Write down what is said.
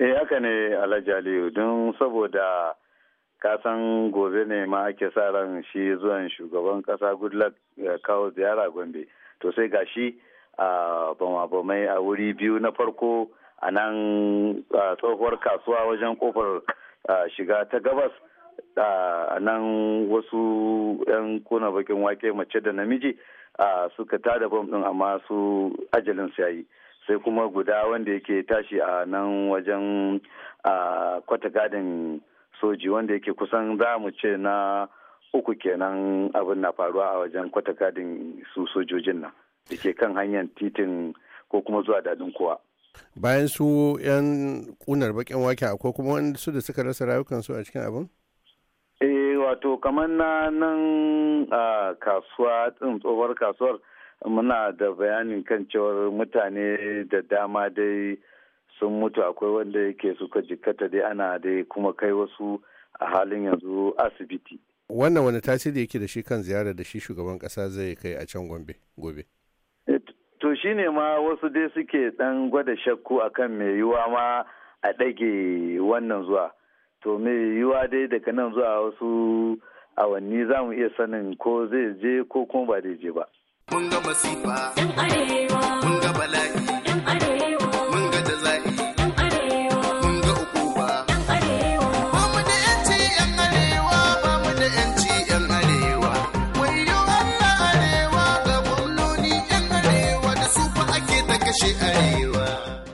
eh haka ne alhaji aliyu don saboda kasan gobe ne ma ake sa ran shi zuwan shugaban kasa goodluck eh, kawo ziyara gombe to sai gashi shi a bama a wuri biyu na farko a nan tsohuwar kasuwa wajen kofar shiga ta gabas a nan wasu 'yan kuna bakin wake mace da namiji suka tada bom din amma su ajalin su yayi sai kuma guda wanda yake tashi a nan wajen a kwata gadin soji wanda yake kusan za mu ce na uku kenan abin na faruwa a wajen kwata gadin su sojojin nan da ke kan hanyar titin ko kuma zuwa dadin kowa bayan su 'yan kunar bakin wake akwai kuma wanda su da suka rasa rayukansu a cikin abin eh wato kamar na nan kasuwa tsohuwar kasuwar muna da bayanin kan cewar mutane da dama dai sun mutu akwai wanda yake suka jikata dai ana dai kuma kai wasu a halin yanzu asibiti wannan wani tasiri yake da shi kan ziyarar da shi shugaban kasa zai kai a can gombe gobe eh, to shine ma wasu dai suke dan gwada shakku akan mai yiwa ma a ɗage wannan zuwa to mai yiwa dai daga nan zuwa wasu awanni za mu iya sanin ko zai je ko kuma ba zai je ba Mun ga masifa. Yan arewa. Mun ga bala'i. Yan arewa. Mun ga da Yan arewa. Mun ga ukuba. Yan arewa. Ba mu da yanci yan arewa. Ba mu da yanci yan arewa. Wai Wayo Allah arewa ga gwamnoni yan arewa da su fa ake ta kashe arewa.